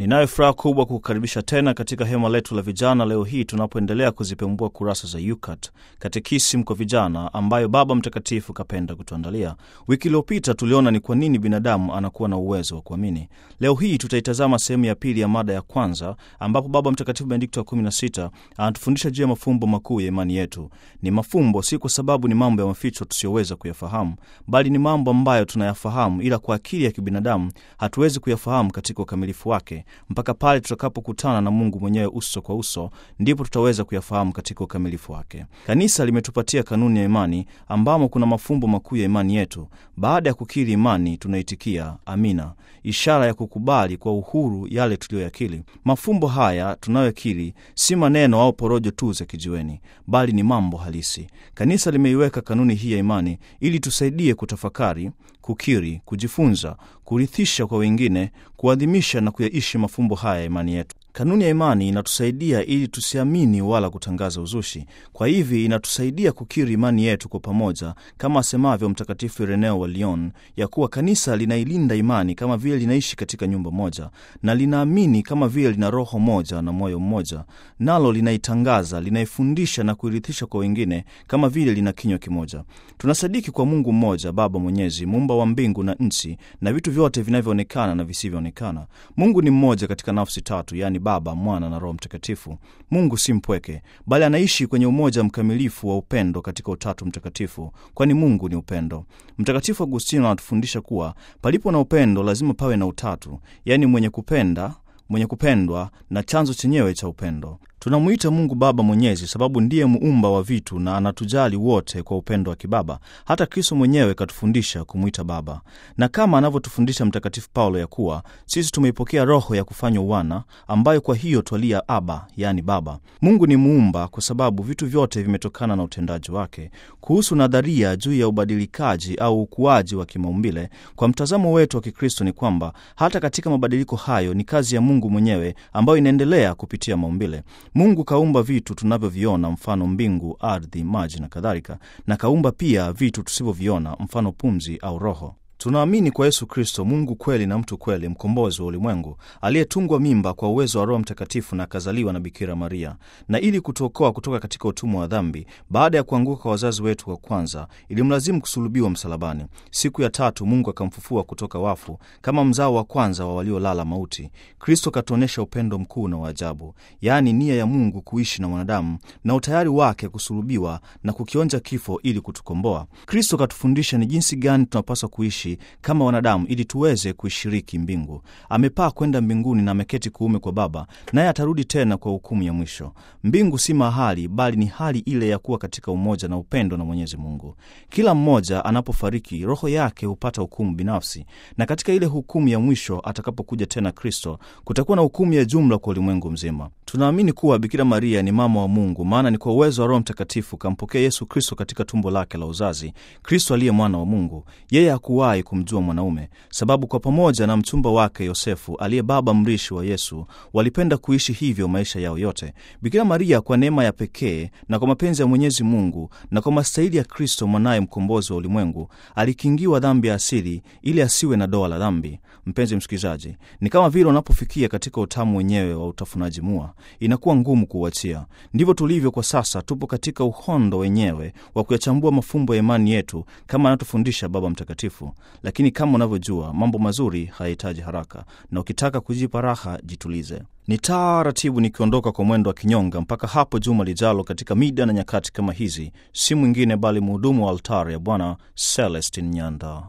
Ninayo furaha kubwa kukukaribisha tena katika hema letu la vijana leo hii tunapoendelea kuzipembua kurasa za Yukat Katekisimu kwa Vijana, ambayo Baba Mtakatifu kapenda kutuandalia. Wiki iliyopita tuliona ni kwa nini binadamu anakuwa na uwezo wa kuamini. Leo hii tutaitazama sehemu ya pili ya mada ya kwanza, ambapo Baba Mtakatifu Benedikto wa 16 anatufundisha juu ya mafumbo makuu ya imani yetu. Ni mafumbo si kwa sababu ni mambo ya maficho tusiyoweza kuyafahamu, bali ni mambo ambayo tunayafahamu, ila kwa akili ya kibinadamu hatuwezi kuyafahamu katika ukamilifu wake mpaka pale tutakapokutana na Mungu mwenyewe uso kwa uso, ndipo tutaweza kuyafahamu katika ukamilifu wake. Kanisa limetupatia kanuni ya imani ambamo kuna mafumbo makuu ya imani yetu. Baada ya kukiri imani, tunaitikia amina, ishara ya kukubali kwa uhuru yale tuliyoyakili Mafumbo haya tunayoyakili si maneno au porojo tu za kijiweni, bali ni mambo halisi. Kanisa limeiweka kanuni hii ya imani ili tusaidie kutafakari, kukiri, kujifunza, kurithisha kwa wengine, kuadhimisha na kuyaishi mafumbo haya ya imani yetu. Kanuni ya imani inatusaidia ili tusiamini wala kutangaza uzushi. Kwa hivi inatusaidia kukiri imani yetu kwa pamoja, kama asemavyo Mtakatifu Ireneo wa Lyon ya kuwa kanisa linailinda imani kama vile linaishi katika nyumba moja, na linaamini kama vile lina roho moja na moyo mmoja, nalo linaitangaza, linaifundisha na kuirithisha kwa wengine kama vile lina kinywa kimoja. Tunasadiki kwa Mungu mmoja, Baba Mwenyezi, muumba wa mbingu na nchi na vitu vyote vinavyoonekana na visivyoonekana. Mungu ni mmoja katika nafsi tatu, yani Baba, Mwana na Roho Mtakatifu. Mungu si mpweke, bali anaishi kwenye umoja mkamilifu wa upendo katika Utatu Mtakatifu, kwani Mungu ni upendo. Mtakatifu Agustino anatufundisha kuwa palipo na upendo lazima pawe na utatu, yaani mwenye kupenda mwenye kupendwa na chanzo chenyewe cha upendo tunamwita Mungu Baba Mwenyezi sababu ndiye muumba wa vitu na anatujali wote kwa upendo wa kibaba. Hata Kristo mwenyewe katufundisha kumwita Baba, na kama anavyotufundisha Mtakatifu Paulo ya kuwa sisi tumeipokea Roho ya kufanywa uwana ambayo kwa hiyo twalia Aba, yani Baba. Mungu ni muumba kwa sababu vitu vyote vimetokana na utendaji wake. Kuhusu nadharia juu ya ubadilikaji au ukuaji wa kimaumbile, kwa mtazamo wetu wa Kikristo ni kwamba hata katika mabadiliko hayo ni kazi ya Mungu mwenyewe ambayo inaendelea kupitia maumbile. Mungu kaumba vitu tunavyoviona, mfano mbingu, ardhi, maji na kadhalika, na kaumba pia vitu tusivyoviona, mfano pumzi au roho. Tunaamini kwa Yesu Kristo, Mungu kweli na mtu kweli, mkombozi wa ulimwengu, aliyetungwa mimba kwa uwezo wa Roho Mtakatifu na akazaliwa na Bikira Maria, na ili kutuokoa kutoka katika utumwa wa dhambi, baada ya kuanguka kwa wazazi wetu wa kwanza, ilimlazimu kusulubiwa msalabani. Siku ya tatu Mungu akamfufua kutoka wafu kama mzao wa kwanza wa waliolala mauti. Kristo katuonyesha upendo mkuu na waajabu yaani nia ya Mungu kuishi na mwanadamu na utayari wake kusulubiwa na kukionja kifo ili kutukomboa. Kristo katufundisha ni jinsi gani tunapaswa kuishi sisi kama wanadamu ili tuweze kuishiriki mbingu. Amepaa kwenda mbinguni na ameketi kuume kwa Baba, naye atarudi tena kwa hukumu ya mwisho. Mbingu si mahali, bali ni hali ile ya kuwa katika umoja na upendo na Mwenyezi Mungu. Kila mmoja anapofariki, roho yake hupata hukumu binafsi, na katika ile hukumu ya mwisho atakapokuja tena Kristo, kutakuwa na hukumu ya jumla kwa ulimwengu mzima. Tunaamini kuwa Bikira Maria ni mama wa Mungu, maana ni kwa uwezo wa Roho Mtakatifu kampokea Yesu Kristo katika tumbo lake la uzazi, Kristo aliye mwana wa Mungu. Yeye hakuwahi kumjua mwanaume, sababu kwa pamoja na mchumba wake Yosefu aliye baba mrishi wa Yesu walipenda kuishi hivyo maisha yao yote. Bikira Maria, kwa neema ya pekee na kwa mapenzi ya Mwenyezi Mungu na kwa mastahili ya Kristo mwanaye mkombozi wa ulimwengu, alikingiwa dhambi ya asili ili asiwe na doa la dhambi. Mpenzi msikilizaji, ni kama vile unapofikia katika utamu wenyewe wa utafunaji mua inakuwa ngumu kuuachia. Ndivyo tulivyo kwa sasa, tupo katika uhondo wenyewe wa kuyachambua mafumbo ya imani yetu kama anatufundisha Baba Mtakatifu. Lakini kama unavyojua, mambo mazuri hayahitaji haraka, na ukitaka kujipa raha, jitulize. Ni taratibu nikiondoka kwa mwendo wa kinyonga mpaka hapo juma lijalo, katika mida na nyakati kama hizi, si mwingine bali mhudumu wa altari ya Bwana Celestin Nyanda.